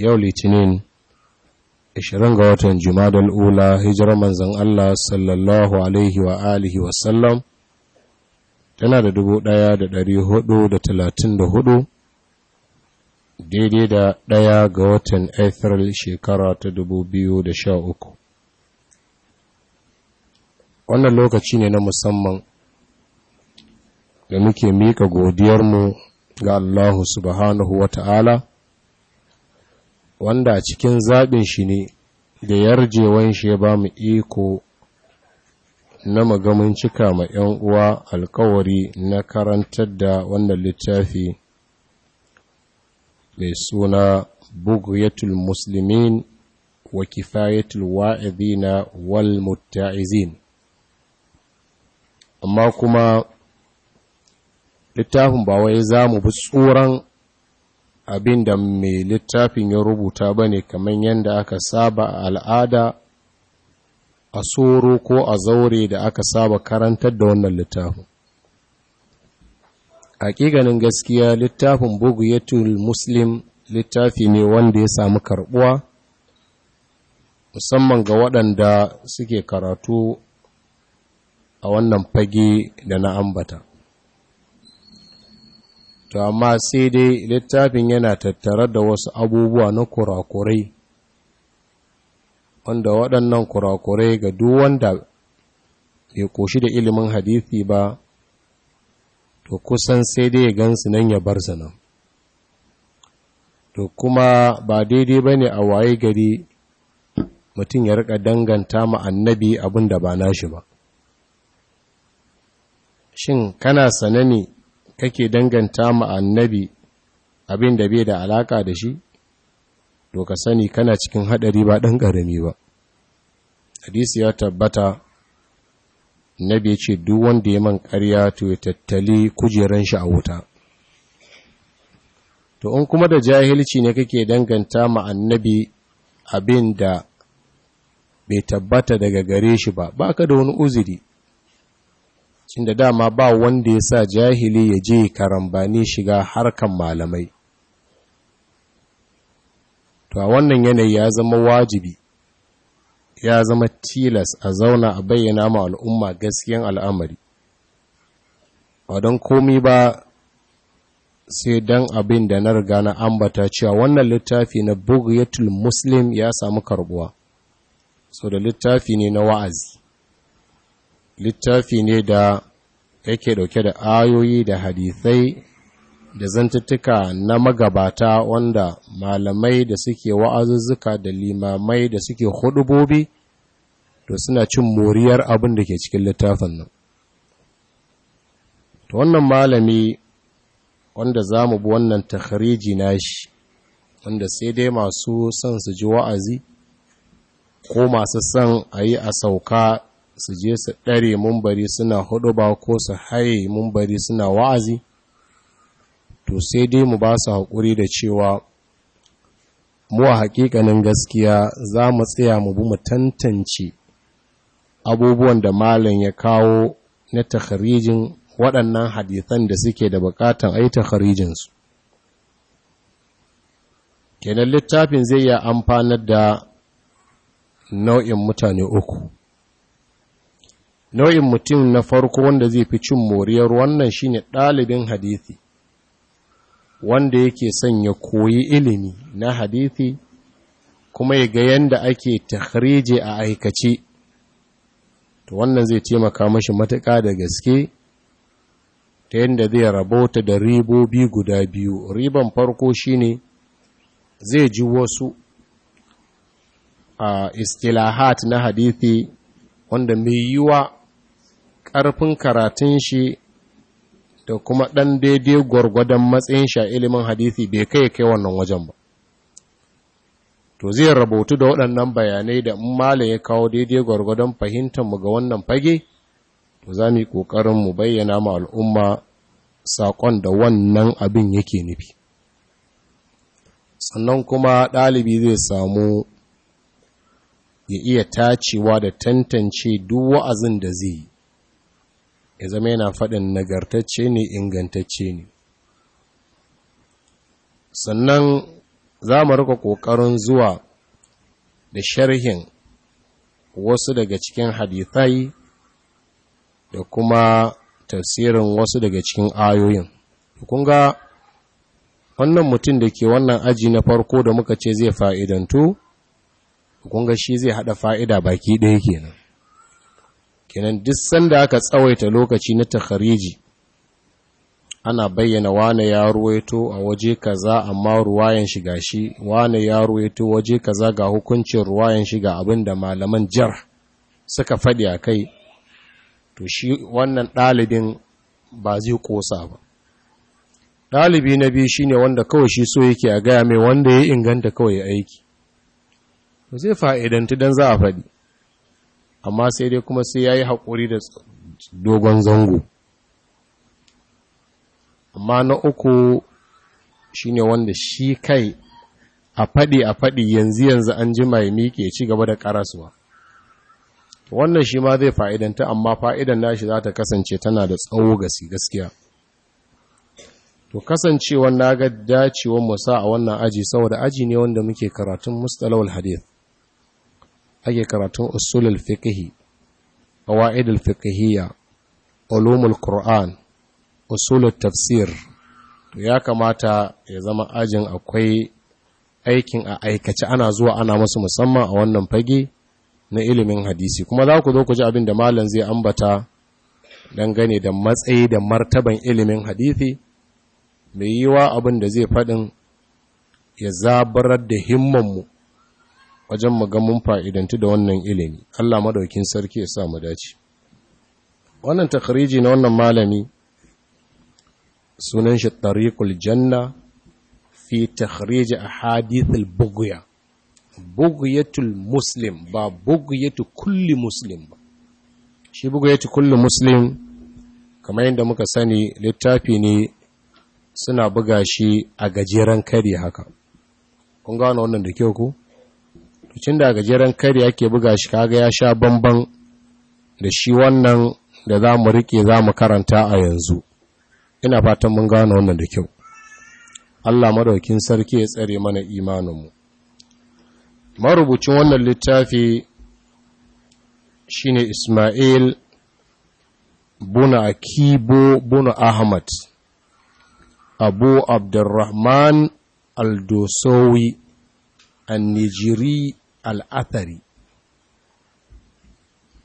yau litinin 20 ga watan jumadal ula hijirar manzan Allah sallallahu alaihi wa alihi wasallam tana da hudu daidai da ɗaya ga watan April shekara ta dubu biyu da sha uku. wannan lokaci ne na musamman da muke miƙa godiyarmu ga Allah subhanahu wa ta'ala wanda a cikin zaɓin shi ne da yarjewan shi ya ba mu iko na magamin cika ma 'yan uwa alkawari na karantar da wannan littafi mai suna bugiyatul musulmin wa kifayatul wa'idina wal mutta'izin amma kuma littafin ba wai za mu bi tsoron abin da mai littafin ya rubuta ba ne kamar yadda aka saba a al'ada a tsoro ko a zaure da aka saba karantar da wannan littafin aƙiganin gaskiya littafin bugu bugiyatul muslim littafi ne wanda ya samu karɓuwa musamman ga waɗanda suke karatu a wannan fage da na ambata to amma sai dai littafin yana tattare da wasu abubuwa na kurakurai wanda waɗannan kurakurai ga duk wanda bai ƙoshi da ilimin hadithi ba to kusan sai dai ya gansu nan ya bar nan to kuma ba daidai ba ne a waye gari mutum ya rika danganta ma annabi abin da ba nashi ba shin kana sanani kake danganta ma annabi abin da bai da alaka da shi to ka sani kana cikin hadari ba dan karami ba hadisi ya tabbata annabi ya ce duk wanda ya man ƙarya to ya tattali kujeran shi a wuta to in kuma da jahilci ne kake danganta ma annabi abin da bai tabbata daga gare shi ba baka da wani uzuri inda dama ba wanda ya sa jahili ya je karambani shiga harkan malamai to a wannan yanayi ya zama wajibi ya zama tilas a zauna a bayyana ma al'umma gaskiyan al'amari ba don komi ba sai don abin da na riga na ambata cewa wannan littafi na bugiyatul muslim ya samu karbuwa so da littafi ne na wa'azi littafi ne da yake ɗauke da ayoyi da hadisai da zantuttuka na magabata wanda malamai da suke wa'azuzzuka da limamai da suke hudubobi to suna cin moriyar abin da ke cikin littafin nan to wannan malami wanda za mu bi wannan takhariji shi wanda sai dai masu son su ji wa'azi ko masu son a yi a sauka su je su ɗare mumbari suna ba ko su haye mumbari suna wa'azi to sai dai mu ba su haƙuri da cewa mu a haƙiƙanin gaskiya za mu tsaya mu bi mu tantance abubuwan da malam ya kawo na takharijin waɗannan hadithan da suke da buƙatan yi takharijinsu kenan littafin zai yi amfanar da nau'in mutane uku nau'in mutum na farko wanda zai fi cin moriyar wannan shine ɗalibin hadithi wanda yake son ya koyi ilimi na hadithi kuma ya ga yanda ake takhrije a aikace to wannan zai taimaka mashi matuka da gaske ta yadda zai rabota da ribobi guda biyu riban farko shine zai ji wasu a istilahat na hadithi wanda mai yiwa ƙarfin karatun shi da kuma ɗan daidai gwargwadon matsayin shi a ilimin hadithi bai kai kai wannan wajen ba to zai rabotu da waɗannan bayanai da mala ya kawo daidai gwargwadon mu ga wannan fage to za mu yi ƙoƙarin mu bayyana ma al'umma saƙon da wannan abin yake nufi sannan kuma ɗalibi zai samu ya iya tacewa da tantance duk wa'azin da zai yi ya zama yana faɗin nagartacce ne ingantacce ne sannan za mu rika ƙoƙarin zuwa da sharhin wasu daga cikin hadithai da kuma tafsirin wasu daga cikin ayoyin kun ga wannan mutum da ke wannan aji na farko da muka ce zai fa'idantu kun ga shi zai haɗa fa'ida baki ɗaya kenan kenan duk sanda aka tsawaita lokaci na takhariji ana bayyana wane ya ruwaito a waje kaza amma ruwayan shi gashi wane ya ruwaito waje kaza ga hukuncin ruwayan shi ga abinda malaman jar suka faɗi a kai to shi wannan ɗalibin ba zai ƙosa ba ɗalibi na biyu shine wanda kawai shi so yake a gaya mai wanda ya inganta kawai aiki zai fa'idanta don za a faɗi amma sai dai kuma sai ya yi haƙuri da dogon zango amma na uku ne wanda shi kai a faɗi a faɗi yanzu yanzu an ji mai miƙe ci gaba da ƙarasuwa wannan shi ma zai fa'idanta amma fa'idan nashi za ta kasance tana da tsawo gasi gaskiya to kasancewa na ga dacewa musa a wannan aji saboda aji ne wanda muke karatun mustalawal hadith ake karatun usulul fiqhi qawaidul fiqhiyya al qur'an usulul tafsir ya kamata ya zama ajin akwai aikin a aikace ana zuwa ana musu musamman a wannan fage na ilimin hadisi kuma za ku zo ku ji abin da malam zai ambata gane da matsayi da martaban ilimin hadisi mai yiwa abin da zai faɗin ya zabarar da himmanmu wajen magamun fa'idantu da wannan ilimi Allah madaukin sarki ya sa mu dace wannan takariji na wannan malami sunan shi Ɗarikul janna fi takariji a hadithul buguya, buguyatul muslim ba buguyatul kulli muslim ba shi buguyatul kulli muslim kamar yadda muka sani littafi ne suna buga shi a gajeren kari haka kun gano wannan da kyau ku tun da gajeren kari ake buga shi kaga ya sha bamban da shi wannan da za mu riƙe za mu karanta a yanzu ina fatan mun gane wannan da kyau Allah madaukin sarki ya tsare mana imaninmu marubucin wannan littafi shine Ismail buna Akibo buna Ahmad Abu Abdurrahman Aldosowi nijiri. al'athari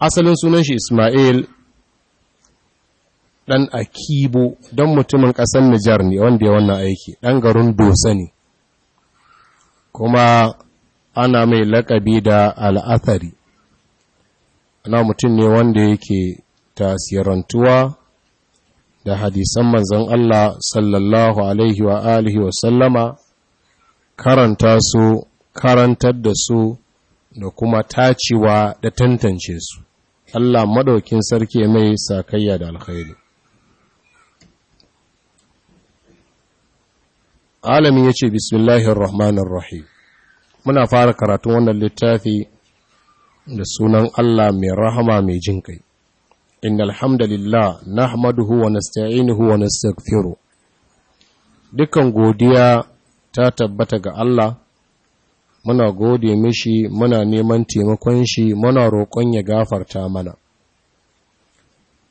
asalin sunan shi ismail ɗan akibo don mutumin ƙasar nijar ne wanda ya wannan aiki ɗan garin dosa ne kuma ana mai laƙabi da al'athari ana mutum ne wanda yake tasirantuwa da hadisan manzon Allah sallallahu alaihi wa alihi wa sallama karanta su karantar da su da kuma tacewa da tantance su Allah maɗaukin sarki mai sakayya da alkhairi alamin ya ce, rahmanir muna fara karatun wannan littafi da sunan Allah mai rahama mai jin kai innal hamdalillah nahmaduhu wa nasta'inuhu wa nastaghfiruh dukan godiya ta tabbata ga Allah muna gode mishi muna neman taimakon shi muna roƙon ya gafarta mana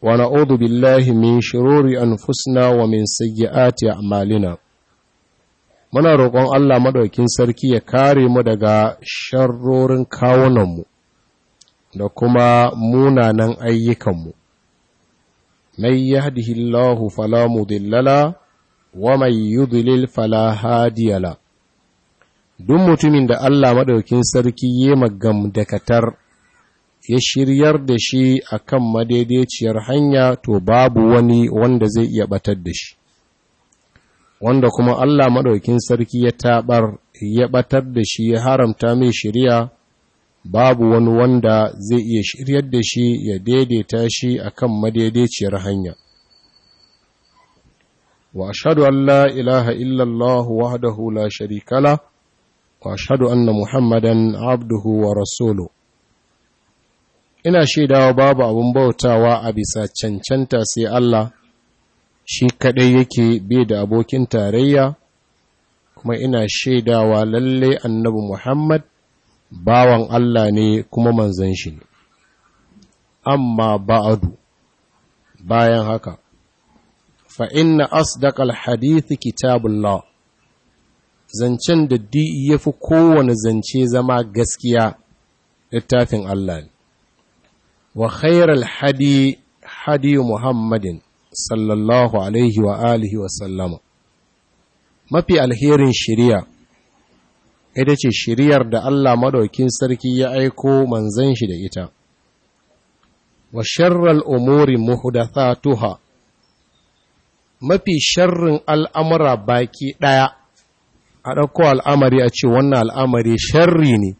wa na'udhu billahi min shururi anfusina wa min sayyiati a'malina muna roƙon Allah maɗaukin sarki ya kare mu daga sharrorin kawunanmu da kuma munanan ayyukanmu man yahdihillahu fala mudilla wa mai yudlil fala hadiya duk mutumin da Allah maɗaukin sarki ya magam dakatar ya shiryar da shi akan madaidaiciyar hanya to babu wani wanda zai iya batar da shi wanda kuma Allah maɗaukin sarki ya taɓar ya batar da shi ya haramta mai shirya babu wani wanda zai iya shiryar da shi ya daidaita shi akan madaidaiciyar hanya Wa shaɗu Allah ilaha illallah الله وحده لا واشهد ان محمدا عبده ورسوله ina shaidawa babu abun bautawa a bisa cancanta sai Allah shi kadai yake bai da abokin tarayya kuma ina shaidawa lalle annabi Muhammad bawan Allah ne kuma manzon shi ne amma ba'adu bayan haka fa inna asdaqal hadithi kitabullah zancen da di ya fi kowane zance zama gaskiya littafin Allah ne. Wa khairar hadi hadi Muhammadin sallallahu Alaihi wa alihi wa sallama. Mafi alherin shirya, ita ce shiryar da Allah madaukin sarki ya aiko manzan shi da ita. Wa sharral umuri muhdathatuha mafi sharrin al'amura baki ɗaya a ɗauko al'amari a ce wannan al'amari sharri ne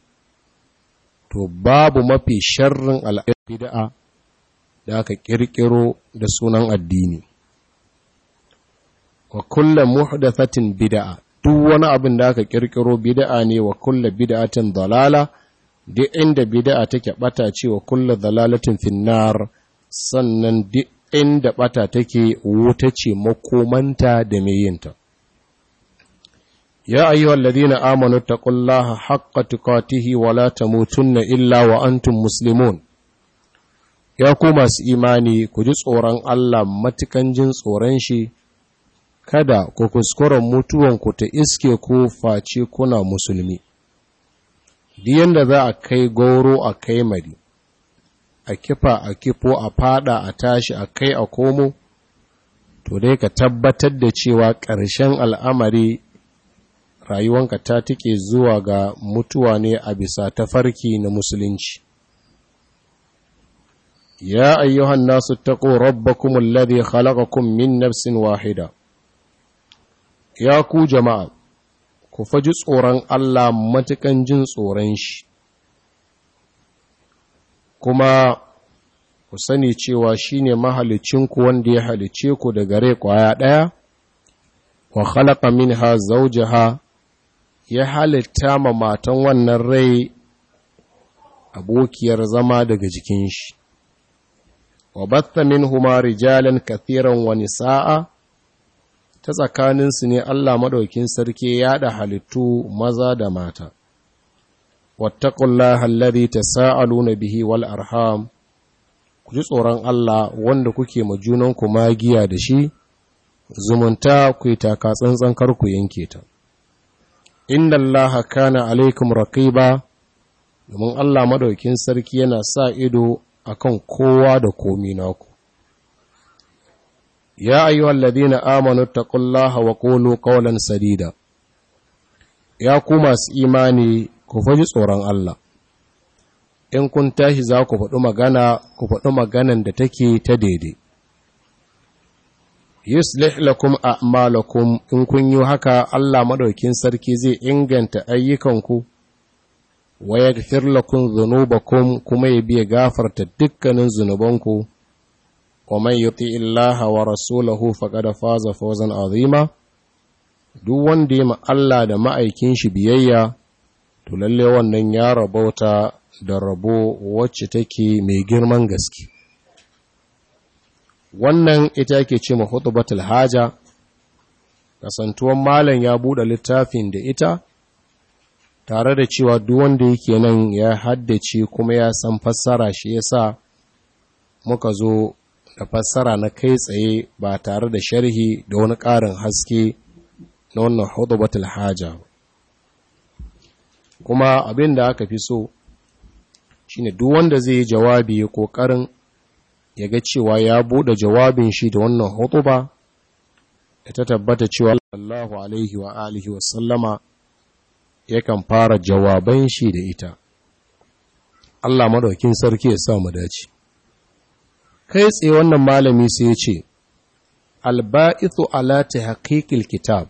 to babu mafi sharrin al’amari da aka ƙirƙiro da sunan addini wa kulle muhdathatin bid'a duk wani abin da aka ƙirƙiro bid'a ne wa kulle bid'atin dalala duk inda bid'a take ɓata ce wa kulle dalalatin finnar sannan duk inda bata take wuta ce makomanta da mai yinta Ya ayyuhal ladina amanu ta taqullaha haqqa tuqatihi wa la tamutunna illa wa antum muslimun. Ya ku masu imani ku ji tsoron Allah matukan jin tsoron shi, kada ku kuskuren mutuwanku ta iske ko face kuna musulmi. Diyan da za a kai goro a kai a kifa a kifo a faɗa a tashi a kai a komo, to dai ka tabbatar da cewa ƙarshen al'amari rayuwanka ta tike zuwa ga mutuwa ne a bisa tafarki na musulunci ya ayyuhan nasu taqu rabbakum alladhi khalaqakum min nafsin wahida ya ku jama'a ku faji tsoron Allah matukan jin tsoron shi kuma ku sani cewa shine mahalicinku wanda ya halice ku daga rai kwaya daya wa khalaqa minha zawjaha ya halitta ma matan wannan rai abokiyar zama daga jikin shi wa batta humari, rijalan kathiran wani sa'a. ta tsakaninsu ne Allah madaukin sarki ya da halittu maza da mata wattaqullaha alladhi tasaaluna bihi wal arham ku ji tsoron Allah wanda kuke ma junanku magiya da shi zumunta ku yi taka tsantsan kar ku yanke ta inda Allah kana alaikum raqiba domin Allah madaukin sarki yana sa ido akan kowa da komi naku ya ayyuhal ladina amanu taqullaha wa qulu qawlan sadida ya ku masu imani ku faji tsoron Allah in kun tashi za ku faɗi magana ku faɗi maganan da take ta daidai yuslih lakum a'malakum in kun yi haka Allah madaukin sarki zai inganta ayyukanku wa yaghfir lakum dhunubakum kuma ya biya gafarta dukkanin zunubanku wa man yuti illaha wa rasulahu faqad faza fawzan azima duk wanda ya Allah da ma'aikin shi biyayya to lalle wannan ya rabauta da rabo wacce take mai girman gaske wannan ita yake ce ma hutubatul haja kasantuwan malam ya buɗe littafin da ita tare da cewa duk wanda yake nan ya haddace kuma ya san fassara shi yasa muka zo da fassara na kai tsaye ba tare da sharhi da wani ƙarin haske na wannan hutubatul haja kuma abin da aka fi so shine duk wanda zai yi jawabi ya kokarin ya ga cewa ya buɗe jawabin shi da wannan hutuba da ta tabbata cewa Allahu alaihi wa alihi wa sallama yakan fara jawaban shi da ita Allah madaukin sarki ya sa mu dace kai tsaye wannan malami sai ya ce alba'ithu ala tahqiqil kitab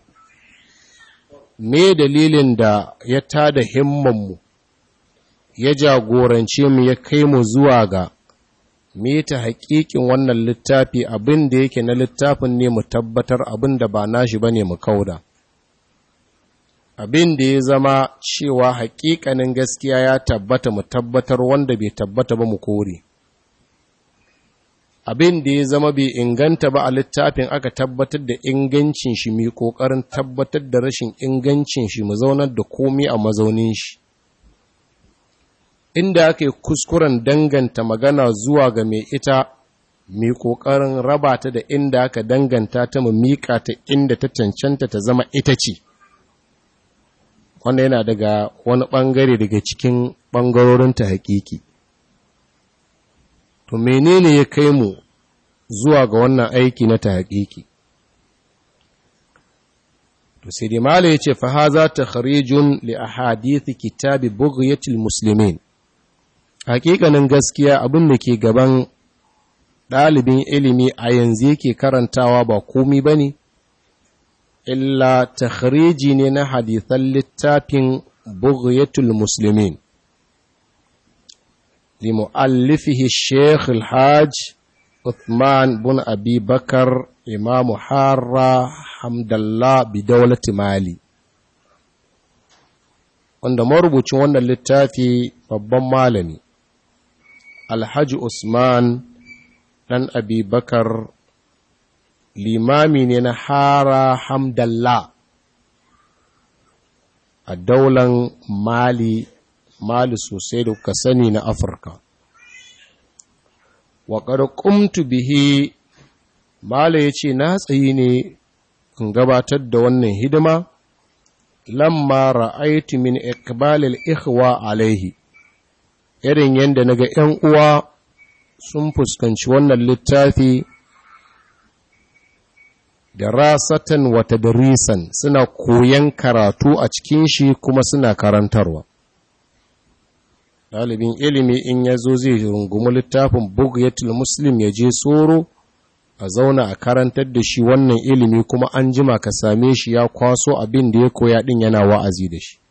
me dalilin da ya tada himmanmu ya jagorance mu ya kai mu zuwa ga meta haƙiƙin wannan littafi abin da yake na littafin ne mu tabbatar abin da ba nashi bane mu kauda abin da ya zama cewa haƙiƙanin gaskiya ya tabbata mu tabbatar wanda bai tabbata ba mu kore abin da ya zama bai inganta ba a littafin aka tabbatar da ingancin shi mai ƙoƙarin tabbatar da rashin ingancin shi mu zaunar da komai a mazaunin shi inda ake kuskuren danganta magana zuwa ga mai ita mai ƙoƙarin raba ta da inda aka danganta ta mu miƙa ta inda ta cancanta ta zama ita ce wanda yana daga wani ɓangare daga cikin ɓangarorin ta haƙiƙi to menene ya kai mu zuwa ga wannan aiki na ta haƙiƙi to sai dai mala ce fa haza takhrijun li ahadith kitab bughyatil muslimin hakikanin gaskiya abin da ke gaban ɗalibin ilimi a yanzu yake karantawa ba komi ba ne illa takhriji ne na hadithan littafin bugyatul muslimin limu'allifihi sheikh alhaj Uthman bin Abi Bakar Imamu Harra Hamdallah bidawlati Mali wanda marubucin wannan littafi babban malami alhaji usman ɗan abubakar limami ne na hara Hamdalla a daular mali mali sosai da kuka sani na afirka wa ƙarƙumtu bihi mala ya ce na tsayi ne in gabatar da wannan hidima lamma ra'aitu min ikbalil ikhwa alaihi irin yadda na ga ‘yan uwa sun fuskanci wannan littafi da rasatan wata risan suna koyan karatu a cikin shi kuma suna karantarwa. Ɗalibin ilimi in ya zo zai rungumi littafin Bugayatul Muslim ya je tsoro a zauna a karantar da shi wannan ilimi kuma an jima ka same shi ya kwaso abin da ya koya ɗin yana wa'azi da shi.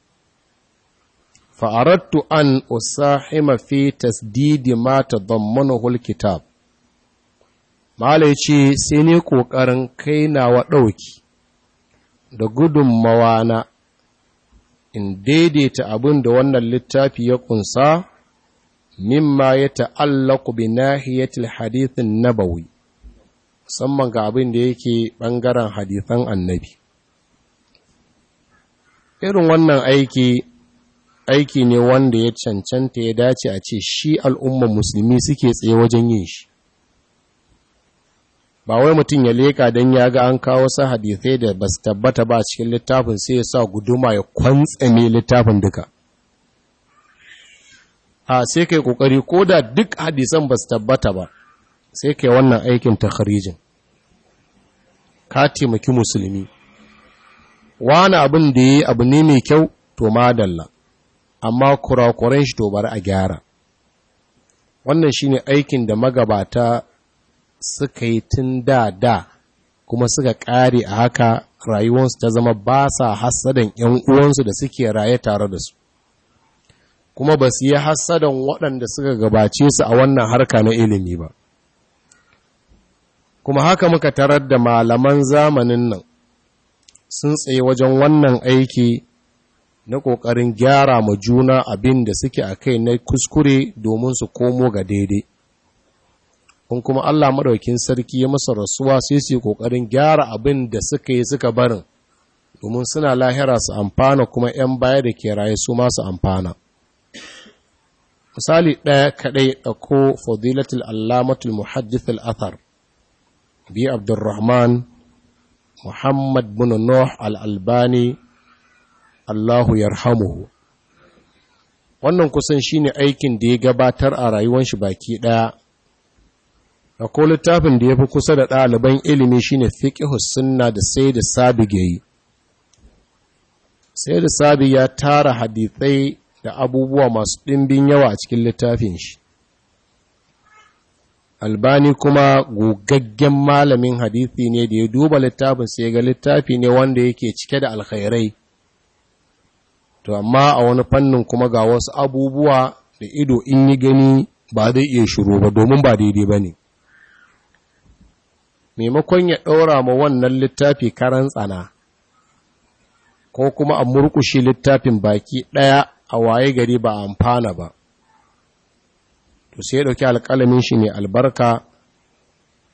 فأردت أن أساهم في تسديد ما تضمنه الكتاب malaici sai ne ƙoƙarin kainawa ɗauki da na. in daidaita abin da wannan littafi ya ƙunsa mimma ya ta'allaku bi nahiyatil hadithin nabawi musamman ga abin da yake ɓangaren hadithan annabi irin wannan aiki aiki ne wanda ya cancanta ya dace a ce shi al'umman musulmi suke tsaye wajen yin shi ba wai mutum ya leka don ya ga an kawo sa hadithai da ba su tabbata ba cikin littafin sai ya sa guduma ya kwantsame littafin duka a sai kai kokari ko da duk hadisan ba su tabbata ba sai kai wannan aikin takharijin ka taimaki musulmi wani abin da ya yi abu ne mai kyau to madalla amma kurakuren shi to bari a gyara wannan shine aikin da magabata suka yi tun da da kuma suka ƙare a haka rayuwarsu ta zama ba sa hassadan 'yan uwansu da suke raye tare da su kuma ba su yi hassadan waɗanda suka gabace su a wannan harka na ilimi ba kuma haka muka tarar da malaman zamanin nan sun tsaye wajen wannan aiki na ƙoƙarin gyara ma juna abin da suke a kai na kuskure domin su komo ga daidai in kuma Allah maɗaukin sarki ya masa rasuwa sai su yi ƙoƙarin gyara abin da suka yi suka barin domin suna lahira su amfana kuma 'yan baya da ke raye su masu amfana misali ɗaya kaɗai ɗauko fadilatul allamatul muhaddithul athar bi abdurrahman muhammad bin nuh al-albani Allahu yarhamuhu wannan kusan shine aikin da ya gabatar a rayuwar shi baki ɗaya. akwai littafin da ya fi kusa da ɗaliban ilimi shine fiqhu sunna da sai da sabi yi. sai da sabi ya tara hadithai da abubuwa masu ɗimbin yawa a cikin littafin shi albani kuma gogaggen malamin hadisi ne da ya duba littafin sai ga littafi ne wanda yake cike da alkhairai to amma a wani fannin kuma ga wasu abubuwa da ido in yi gani ba zai iya shiru ba domin ba daidai ba ne maimakon ya ɗaura ma wannan littafi karan tsana ko kuma a murkushe littafin baki ɗaya a waye gari ba amfana ba to sai ya ɗauki alƙalamin shi ne albarka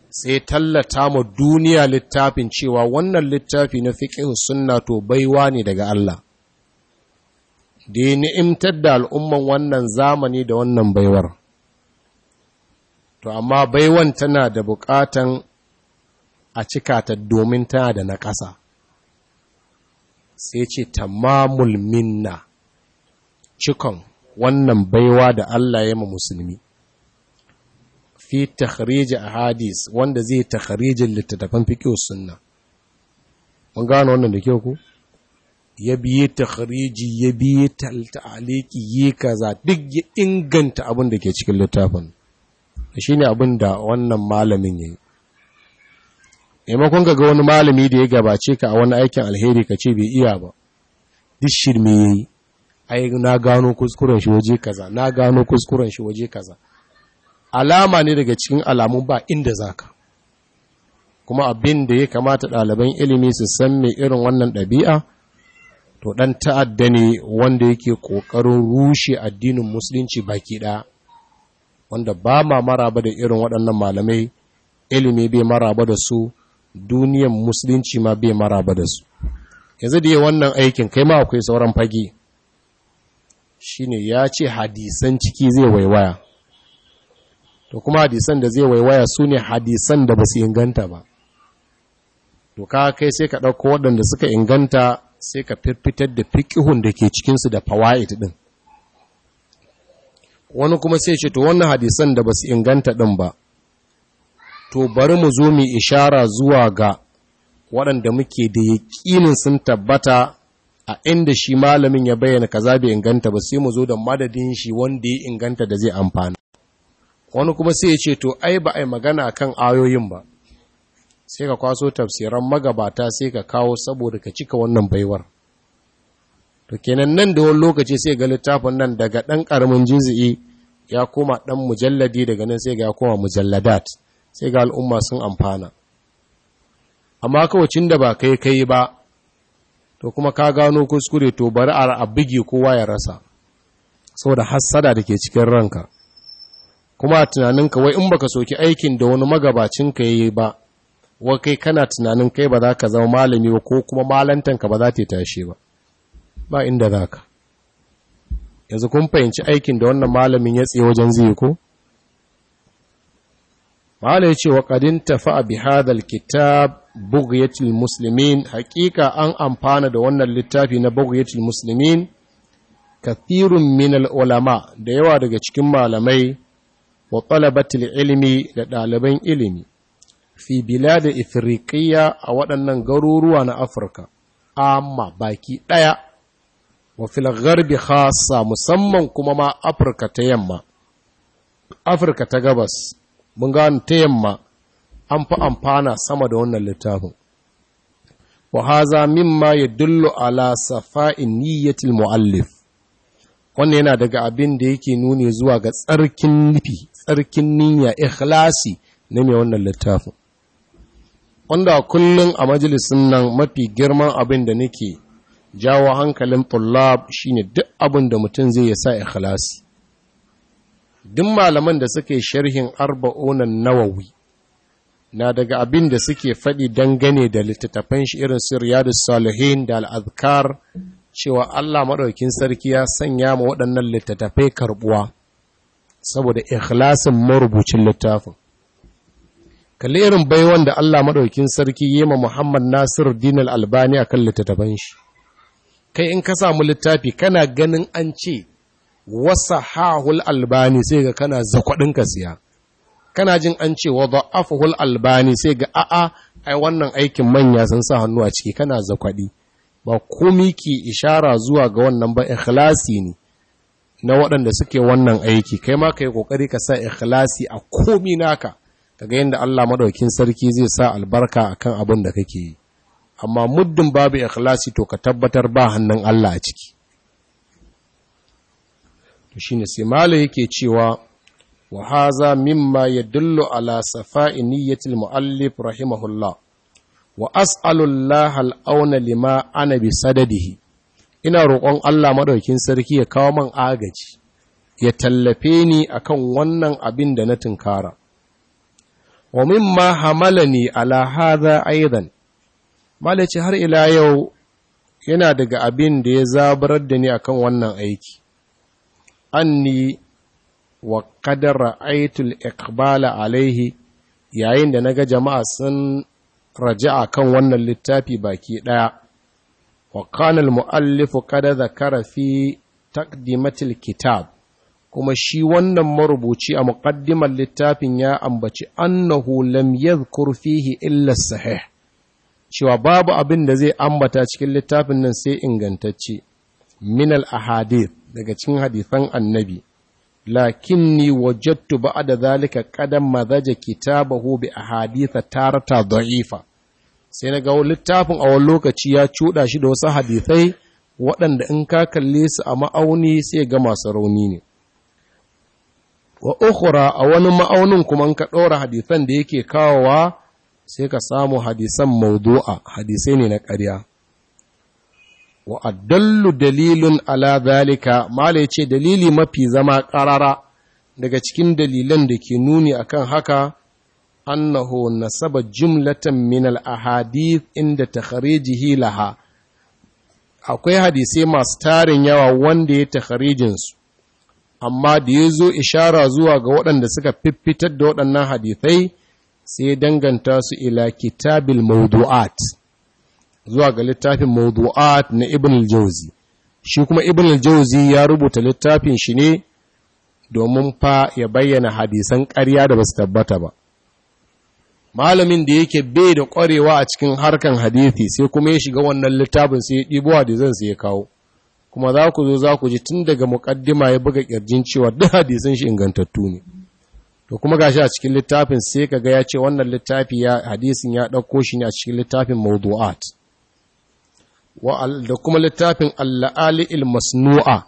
sai tallata ma duniya littafin cewa wannan littafi na fiƙin sunna to baiwa ne daga Allah da ya ni'imtar da al'umman wannan zamani da wannan baiwar. To, amma baiwan tana da bukatan a cika ta domin tana da na ƙasa, sai ce tamamul minna cikon wannan baiwa da Allah ya ma musulmi. Fi takhariji hadis wanda zai takharijin littattafan fiƙi sunna. Mun gano wannan da kyau ku? ya biye khariji ya biye ta'aliki yi kaza duk ya inganta abin da ke cikin littafin shi ne abin da wannan malamin ya yayi maimakon ga wani malami da ya gabace ka a wani aikin alheri ka ce bai iya ba duk shirme yi ai na gano kuskuren shi waje kaza na gano kuskuren shi waje kaza alama ne daga cikin alamu ba inda zaka kuma abin da ya kamata ɗaliban ilimi su san mai irin wannan ɗabi'a to dan ta'adda ne wanda yake ƙoƙarin rushe addinin musulunci baki ɗaya wanda ba ma maraba da irin waɗannan malamai ilimi bai maraba da su duniyan musulunci ma bai maraba da su yanzu da yi wannan aikin kai ma akwai sauran fage shine ya ce hadisan ciki zai waiwaya to kuma hadisan da zai waiwaya su ne hadisan da ba su inganta ba to kai sai ka ɗauko waɗanda suka inganta sai ka firfitar da fikihun da ke cikinsu da fawa'id ɗin wani kuma sai ce to wannan hadisan da ba su inganta ɗin ba to bari mu zo mu ishara zuwa ga waɗanda muke da yaƙinin sun tabbata a inda shi malamin ya bayyana kaza bai inganta ba sai mu zo da madadin shi wanda ya inganta da zai amfana wani kuma sai ya ce to ai ba ai magana kan ayoyin ba sai ka kwaso tafsiran magabata sai ka kawo saboda ka cika wannan baiwar to kenan nan da wani lokaci sai ga littafin nan daga ɗan ƙaramin jizi'i ya koma ɗan mujalladi daga nan sai ga ya koma mujalladat sai ga al'umma sun amfana amma kawacin da ba kai kai ba to kuma ka gano kuskure to bari a bugi kowa ya rasa saboda hassada da ke cikin ranka kuma a tunaninka wai in baka soki aikin da wani magabacinka ya yi ba wakai kana tunanin kai ba za ka zama malami ba ko kuma malantanka ba za ta tashe ba ba inda za ka yanzu kun fahimci aikin da wannan malamin ya tsaye wajen zai ko mala ya ce wa ƙadin fa'a a bihadal kitab bugiyatul musulmin hakika an amfana da wannan littafi na bugiyatul musulmin kathirun min ulama da yawa daga cikin malamai wa talabatul ilimi da ɗaliban ilimi fi da Ifirikiyya a waɗannan garuruwa na afirka amma baki ɗaya wa Garbi khasa musamman kuma ma afirka ta yamma afirka ta gabas mun gano ta yamma an fi amfana sama da wannan littafin wa ma mimma yadullu ala safa'in niyyatil muallif wannan yana daga abin da yake nuni zuwa ga tsarkin nufi tsarkin niyya ikhlasi na mai wannan littafin wanda kullum a majalisun nan mafi girman abin da nake jawo hankalin tullab shine duk abin da mutum zai ya sa ikhlasi duk malaman da suke sharhin arba'unan nawawi na daga abin da suke faɗi dangane da littattafan shi irin su riyadus salihin da al'adkar cewa Allah maɗaukin sarki ya sanya ma waɗannan littattafai karɓuwa saboda ikhlasin marubucin littafin kalerin baiwan da Allah maɗaukin sarki yi ma Muhammad Nasiru Dinar Albani a kan littattafan shi, kai in ka samu littafi kana ganin an ce, wasa hahul albani sai ga kana zakwaɗin ka siya, kana jin an ce wa za'afuhul albani sai ga a'a ai wannan aikin manya sun sa hannu a ciki kana zakwaɗi, ba komi ke ishara zuwa ga wannan ba ikhlasi ne. na waɗanda suke wannan aiki kai ma ka yi ƙoƙari ka sa ikhlasi a komi naka kaga yadda Allah maɗaukin sarki zai sa albarka a kan abin da kake yi amma muddin babu ikhlasi to ka tabbatar ba hannun Allah a ciki to ne sai mala yake cewa wa haza mimma yadullu ala ya niyyatil muallif rahimahullah wa as'alu Allah lima ana bi sadadihi ina roƙon Allah maɗaukin sarki ya kawo man agaji ya tallafe ni akan wannan abin da na tunkara wa mimma hamalani ala hadha aidan malaci har ila yau yana daga abin da ya zabarar da ni akan wannan aiki anni wa qadara aitul iqbala alaihi yayin da naga jama'a sun raja'a kan wannan littafi baki daya wa kana al muallif qad zakara fi taqdimatil kitab kuma shi wannan marubuci a muƙaddimar littafin ya ambaci annahu lam yadhkur fihi illa sahih cewa babu abin da zai ambata cikin littafin nan sai ingantacce min al ahadith daga cikin hadisan annabi lakinni wajadtu ba'da zalika qadam madaja kitabahu bi ahadith tarata da'ifa sai ga littafin a wani lokaci ya cuɗa shi da wasu hadisai waɗanda in ka kalle su a ma'auni sai ga masu rauni ne wa ukhra a wani ma'aunin kuma ka ɗora hadisan da yake kawowa sai ka samu hadisan maudu'a. hadisai ne na ƙarya wa addallu dalilun ala zalika mala yace dalili mafi zama ƙarara daga cikin dalilan da ke nuni akan haka annahu nasaba jumlatan min al-ahadith inda takharijihi laha akwai hadisai masu tarin yawa wanda ya takharijin su amma da ya zo ishara zuwa ga waɗanda suka fiffitar da waɗannan hadithai sai ya danganta su ila kitabil mawdu'at zuwa ga littafin mawdu'at na ibn al-jawzi shi kuma ibn al-jawzi ya rubuta littafin shi ne domin fa ya bayyana hadisan ƙarya da basu tabbata ba malamin da yake bai da ƙwarewa a cikin harkan hadisi sai kuma ya shiga wannan littafin sai ya da zan sai ya kawo kuma za ku zo za ku ji tun daga muƙaddima ya buga ƙirjin cewa duk hadisin shi ingantattu ne to kuma gashi a cikin littafin sai ka ga ya ce wannan littafi ya hadisin ya ɗauko shi ne a cikin littafin mawdu'at da kuma littafin al-la'ali masnua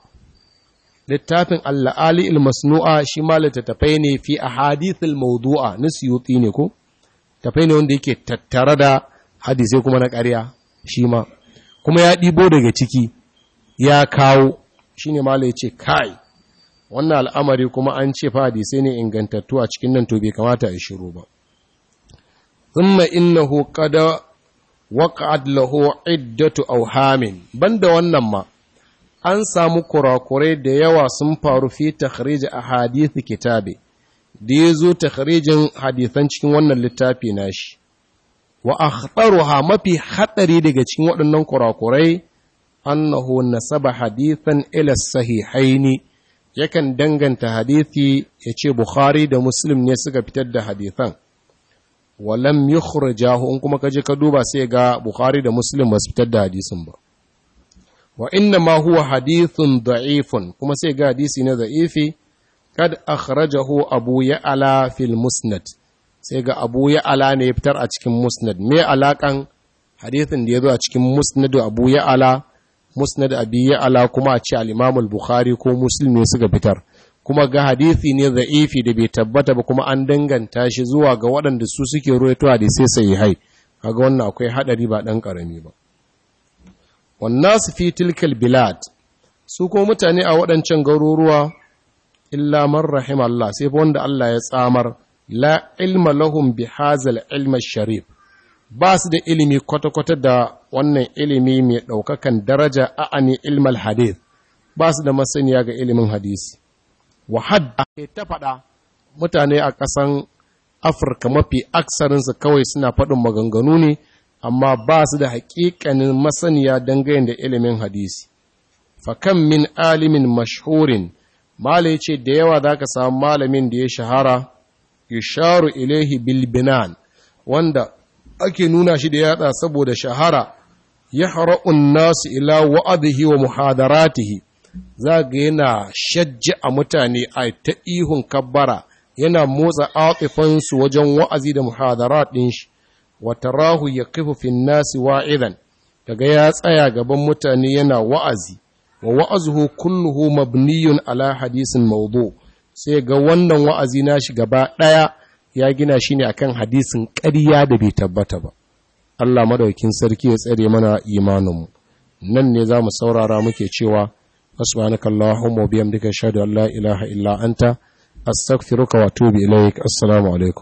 littafin al-la'ali shi ma littattafai ne fi ahadithil mawdu'a na suyuti ne ko tafai ne wanda yake tattare da hadisai kuma na ƙarya shi ma kuma ya ɗibo daga ciki ya kawo shi ne mala ya ce kai wannan al'amari kuma an ce fa hadisai ne ingantattu a cikin nan to bai kamata a shiru ba thumma innahu qad waqa'at lahu iddatu Ban banda wannan ma an samu kurakurai da yawa sun faru fi a ahadith kitabe da ya yazo kharijin hadithan cikin wannan littafi nashi wa akhtaruha mafi hadari daga cikin waɗannan kurakurai annahu nasaba hadithan ila sahihaini yakan danganta hadithi ya ce Bukhari da Muslim ne suka fitar da hadithan walam yukhrijahu in kuma kaje ka duba sai ga Bukhari da Muslim ba su fitar da hadisin ba wa inna ma huwa hadithun da'ifun kuma sai ga hadisi na da'ifi kad akhrajahu Abu Ya'la fil Musnad sai ga Abu Ya'la ne ya fitar a cikin Musnad me alakan hadithin da ya zo a cikin Musnad Abu Ya'la musnad abi ala kuma a ce al-imam bukhari ko muslim ne suka fitar kuma ga hadisi ne za'ifi da bai tabbata ba kuma an danganta shi zuwa ga waɗanda su suke ruwaito hadisi sai hai kaga wannan akwai hadari ba dan karami ba wannasu fi tilkal bilad su ko mutane a waɗancan garuruwa illa man rahim Allah sai wanda Allah ya tsamar la ilma lahum bi hazal ilma sharif ba su da ilimi kwata-kwata da wannan ilimi mai ɗaukakan daraja a'ani ilmal hadith ba su da masaniya ga ilimin hadisi wahad ke ta faɗa mutane a ƙasan afirka mafi aksarinsu kawai suna faɗin maganganu ne amma ba su da haƙiƙanin masaniya dangane da ilimin hadisi fakan min alimin mashhurin malai ce da yawa za ka samu malamin da ya shahara yusharu ilaihi bilbinan wanda ake nuna shi da yada saboda shahara ya hara'un nasu ila wa'adihi wa muhadaratihi za ga yana shajji a mutane a ta ihun kabbara yana motsa aƙifansu wajen wa'azi da muhadaratin ɗin shi wata rahu ya kifufin nasu wa'idan daga ya tsaya gaban mutane yana wa'azi wa wa'azuhu kulluhu mabniyun ala hadisin maudu sai ga wannan wa'azi na shi gaba ɗaya ya gina shi ne akan hadisin ƙarya da bai tabbata ba Allah madaukin sarki ya tsare mana imaninmu nan ne zamu saurara muke cewa subhanaka allahumma bihamdika ashhadu an la ilaha illa anta astaghfiruka wa atubu ilaik assalamu alaikum